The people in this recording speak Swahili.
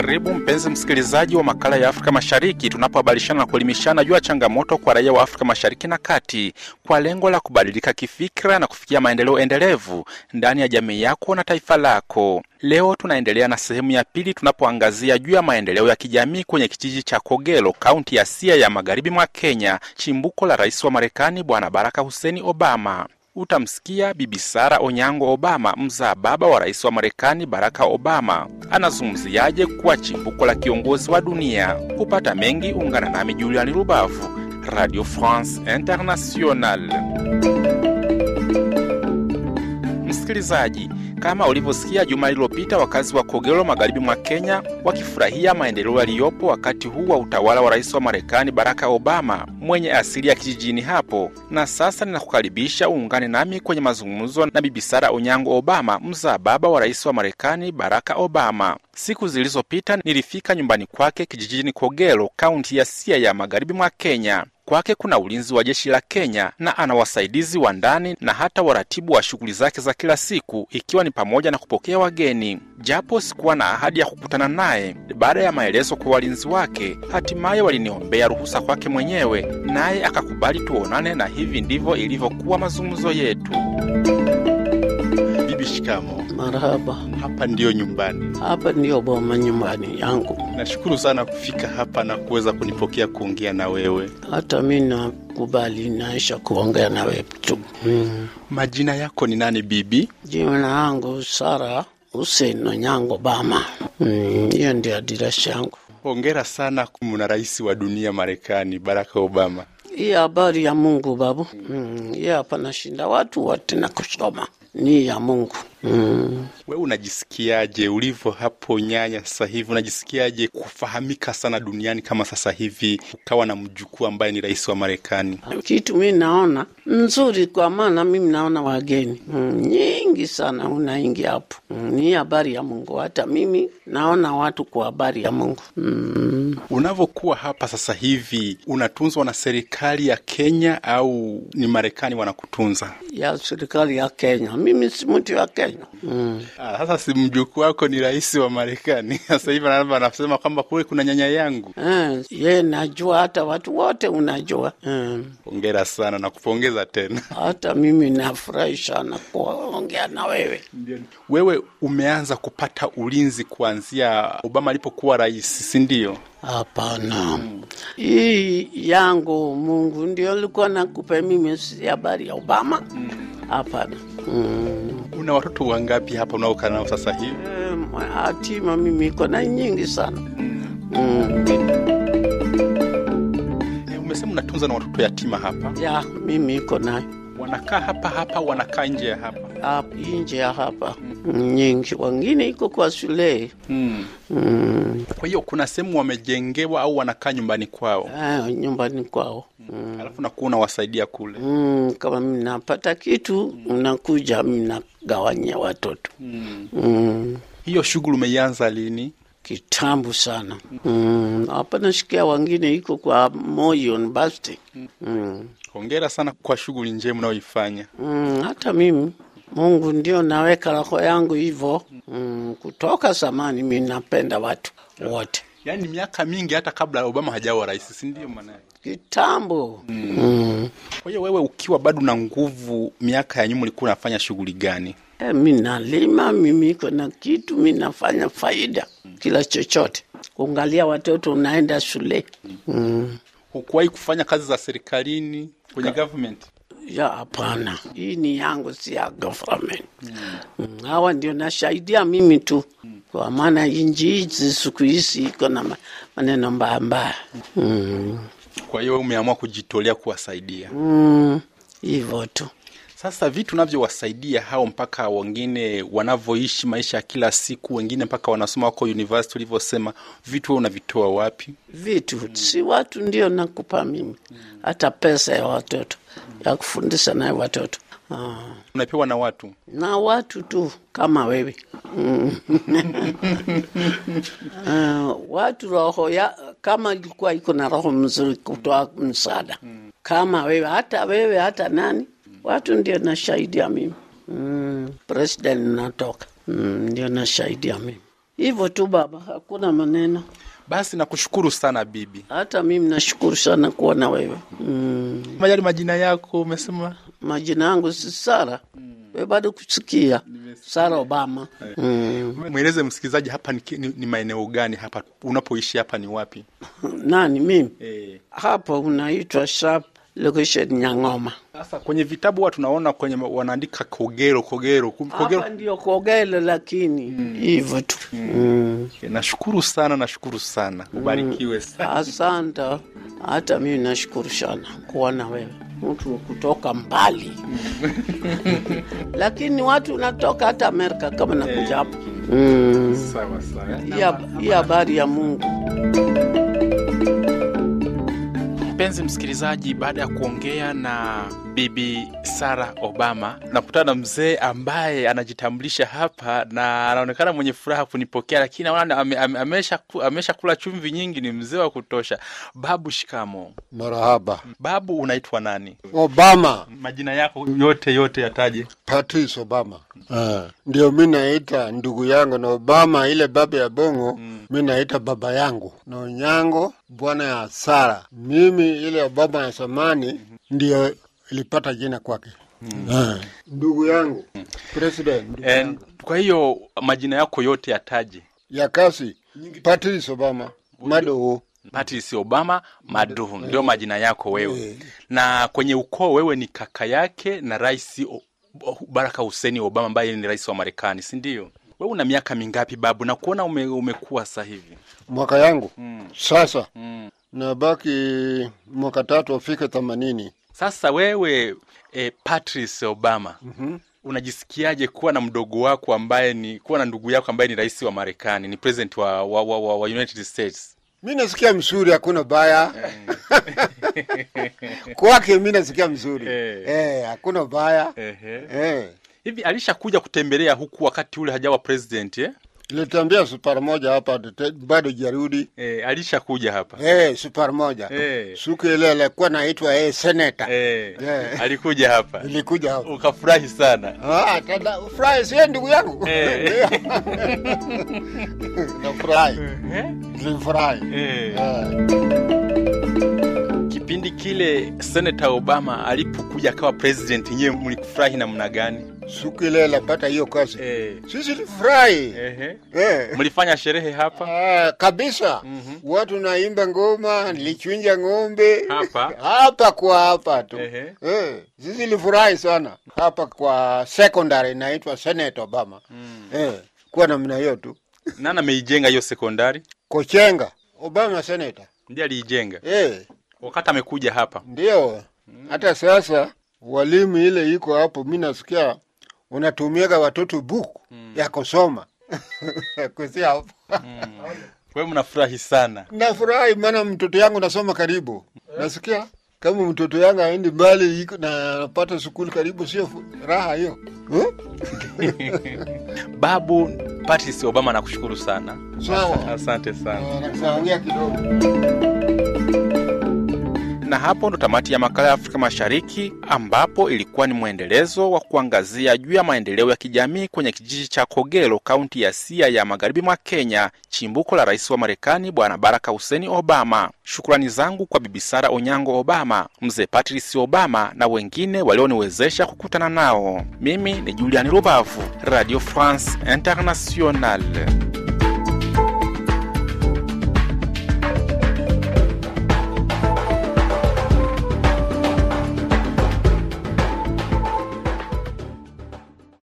Karibu mpenzi msikilizaji wa makala ya Afrika Mashariki, tunapohabarishana na kuelimishana juu ya changamoto kwa raia wa Afrika Mashariki na Kati kwa lengo la kubadilika kifikra na kufikia maendeleo endelevu ndani ya jamii yako na taifa lako. Leo tunaendelea na sehemu ya pili tunapoangazia juu ya maendeleo ya kijamii kwenye kijiji cha Kogelo, kaunti ya sia ya magharibi mwa Kenya, chimbuko la rais wa Marekani Bwana Baraka huseni Obama utamsikia Bibi Sara Onyango Obama, mzaa baba wa rais wa Marekani Baraka Obama, anazungumziaje kuwa chimbuko la kiongozi wa dunia. Kupata mengi, ungana nami Juliani Rubavu, Radio France International. Msikilizaji, kama ulivyosikia juma lililopita, wakazi wa Kogelo magharibi mwa Kenya wakifurahia maendeleo yaliyopo wakati huu wa utawala wa rais wa Marekani Barack Obama mwenye asili ya kijijini hapo. Na sasa ninakukaribisha uungane nami kwenye mazungumzo na Bibi Sara Onyango Obama, mzaa baba wa rais wa Marekani Barack Obama. Siku zilizopita nilifika nyumbani kwake kijijini Kogelo, kaunti ya Siaya, magharibi mwa Kenya kwake kuna ulinzi wa jeshi la Kenya na ana wasaidizi wa ndani na hata waratibu wa shughuli zake za kila siku, ikiwa ni pamoja na kupokea wageni. Japo sikuwa na ahadi ya kukutana naye, baada ya maelezo kwa walinzi wake, hatimaye waliniombea ruhusa kwake mwenyewe, naye akakubali tuonane, na hivi ndivyo ilivyokuwa mazungumzo yetu. Bibi, shikamo. Marhaba. Hapa ndiyo nyumbani? Hapa ndiyo boma nyumbani yangu. Nashukuru sana kufika hapa na kuweza kunipokea kuongea na wewe. Hata mi nakubali naisha kuongea na wewe tu. Mm. Majina yako ni nani bibi? Jina yangu Sara Hussein Onyango Bama. Hmm, hiyo mm, ndio adirashi yangu. Hongera sana kumna rais wa dunia Marekani Barack Obama. Hii habari ya Mungu babu. Mm, hapa hapana shinda watu wote na kusoma ni ya Mungu. Mm. Wewe unajisikiaje ulivyo hapo Nyanya sasa hivi? Unajisikiaje kufahamika sana duniani kama sasa hivi, ukawa na mjukuu ambaye ni rais wa Marekani? Kitu mi naona nzuri, kwa maana mimi naona wageni mm, nyingi sana unaingia hapo mm, ni habari ya Mungu. Hata mimi naona watu kwa habari ya Mungu mm. Unavyokuwa hapa sasa hivi unatunzwa na serikali ya Kenya au ni Marekani wanakutunza? Ya serikali ya Kenya. Mimi si mtu wa Kenya Marekani mm. Ah, sasa si mjukuu wako ni rais wa Marekani sasa hivi anaba anasema kwamba kule kuna nyanya yangu mm. Ye najua hata watu wote unajua mm. Hongera sana na kupongeza tena. Hata mimi nafurahi sana kuongea na wewe. Wewe umeanza kupata ulinzi kuanzia Obama alipokuwa rais, si ndio? Hapana, mm. hii yangu Mungu ndio alikuwa nakupa mimi, si habari ya Obama. Mm. Hapana. mm na watoto wangapi hapa unaokaa nao sasa hivi? Eh, hatima mimi iko na nyingi sana. Mm. E, umesema unatunza na watoto yatima hapa? Ya, mimi iko nayo. Wanakaa hapa hapa, wanakaa nje ya hapa? Hapa ah, nje ya hapa. Mm. Nyingi wengine iko kwa shule. Mm. Mm. Kwa hiyo kuna sehemu wamejengewa au wanakaa nyumbani kwao? Ayo, ah, nyumbani kwao. Mm. Alafu nakuwa unawasaidia kule. Mm, kama mnapata kitu mm, mna gawanya watoto mm. Mm. Hiyo shughuli umeianza lini? Kitambu sana hmm. hapa mm. Nashikia wangine iko kwa Moi University mm. Mm. Hongera sana kwa shughuli njema unayoifanya mm. Hata mimi Mungu ndio naweka roho yangu hivyo mm. Kutoka zamani mi napenda watu wote Yaani miaka mingi hata kabla Obama hajawa rais, si ndio maana Kitambo. Mm. Mm. Kwa hiyo wewe ukiwa bado na nguvu, miaka ya nyuma ulikuwa unafanya shughuli gani? E, mi nalima, mimi iko na kitu, mi nafanya faida mm. kila chochote, kuangalia watoto unaenda shule mm. mm. Hukuwahi kufanya kazi za serikalini kwenye government? Ya, hapana, hii ni yangu, si ya government mm. mm. Hawa ndio nashaidia mimi tu kwa maana inji hizi siku hizi iko na maneno mbaya mm. Kwa hiyo umeamua kujitolea kuwasaidia mm, hivyo mm, tu. Sasa vitu navyowasaidia hao mpaka wengine wanavyoishi maisha ya kila siku, wengine mpaka wanasoma wako university, ulivyosema vitu, wewe unavitoa wapi? Vitu mm. si watu ndio nakupa mimi mm. hata pesa ya watoto mm. ya kufundisha nayo watoto Ah. Unapewa na watu na watu tu kama wewe mm. uh, watu roho ya kama ilikuwa iko na roho mzuri kutoa msaada mm. kama wewe hata wewe hata nani Watu ndio nashaidia mimi mm, president natoka mm, ndio na mimi hivyo tu baba, hakuna maneno. Basi nakushukuru sana bibi. Hata mimi nashukuru sana kuwa na wewe mm. Majali, majina yako umesema? Majina yangu si Sara mm. We bado kusikia Sara Obama eh. mm. Mweleze msikilizaji hapa ni, ni, ni maeneo gani hapa unapoishi, hapa ni wapi? Nani mimi hey? Eh. Hapa unaitwa Sharp location Nyang'oma. Sasa kwenye vitabu huwa tunaona kwenye wanaandika Kogero, Kogero, Kogero. Hapa ndio Kogero lakini hmm. hivyo mm. tu mm. mm. Nashukuru sana, nashukuru sana, hmm. ubarikiwe sana. Asante, hata mimi nashukuru sana kuona wewe mtu kutoka mbali hmm. lakini watu natoka hata Amerika kama nakuja eh. hapa mm. hii habari ya Mungu. Mpenzi msikilizaji, baada ya kuongea na Bibi sara Obama. Nakutana na mzee ambaye anajitambulisha hapa na anaonekana mwenye furaha kunipokea, lakini naona ame, ame, amesha, amesha kula chumvi nyingi, ni mzee wa kutosha. Babu, shikamo. Marahaba. Babu, unaitwa nani? Obama. Majina yako yote yote yataje? patris Obama. Uh, ndio mi naita ndugu yangu na Obama, ile baba ya Bongo mm. mi naita baba yangu na Onyango bwana ya Sara. Mimi ile Obama ya zamani mm -hmm. ndio ilipata jina kwake. Hmm. Eh. Ndugu yangu hmm. President, ndugu And, eh, yangu. Kwa hiyo majina yako yote yataje ya kasi? patris Obama madoo patris Obama maduhu eh. ndio majina yako wewe yeah. Na kwenye ukoo wewe ni kaka yake na Rais Baraka huseni Obama ambaye ni rais wa Marekani, si ndio? una miaka mingapi babu? Na kuona ume, umekuwa sa hivi mwaka yangu mm. Sasa mm. nabaki mwaka tatu afike themanini sasa wewe e, Patrice Obama mm -hmm. Unajisikiaje kuwa na mdogo wako ambaye ni kuwa na ndugu yako ambaye ni rais wa Marekani, ni president wa, wa, wa, wa, wa United States? Mi nasikia mzuri, hakuna baya eh. kwake. Mi nasikia mzuri eh. hakuna baya. Hivi alishakuja kutembelea huku wakati ule hajawa president eh? Nilitembea super moja hapa bado jarudi. Eh, alishakuja hapa. Eh, super moja. Eh. Suku ile ile kwa naitwa eh senator. Eh. Eh. Alikuja hapa. Nilikuja hapa. Ukafurahi sana. Ah, tada furahi si ndugu yangu. Eh. Na furahi. Eh. Nilifurahi. Eh. eh. Kipindi kile Senator Obama alipokuja akawa president, nyewe mlikufurahi namna gani? siku ile alipata hiyo kazi eh. Sisi tulifurahi eh. Eh. Mlifanya sherehe hapa ah, kabisa mm -hmm. Watu naimba ngoma, nilichunja ng'ombe hapa hapa kwa hapa tu eh. Eh. Sisi tulifurahi sana hapa kwa secondary inaitwa Senate Obama mm. Eh. Kwa namna hiyo tu nani ameijenga hiyo sekondari? Kochenga Obama senator ndiye aliijenga eh. Wakati amekuja hapa ndio mm. hata sasa walimu ile iko hapo, mimi nasikia unatumiaga watoto buku mm. ya kusoma kusia hapo mm. mnafurahi sana? Nafurahi maana mtoto yangu nasoma karibu, eh. nasikia kama mtoto yangu aendi mbali na anapata shukuli karibu, sio raha hiyo hmm? Babu Patrice Obama nakushukuru sana. Sawa, asante sana. Eh, kidogo. Na hapo ndo tamati ya makala ya Afrika Mashariki, ambapo ilikuwa ni mwendelezo wa kuangazia juu ya maendeleo ya kijamii kwenye kijiji cha Kogelo, kaunti ya sia ya magharibi mwa Kenya, chimbuko la rais wa Marekani Bwana Barack Hussein Obama. Shukrani zangu kwa Bibi Sara Onyango Obama, Mzee Patrice Obama na wengine walioniwezesha kukutana nao. Mimi ni Juliani Rubavu, Radio France international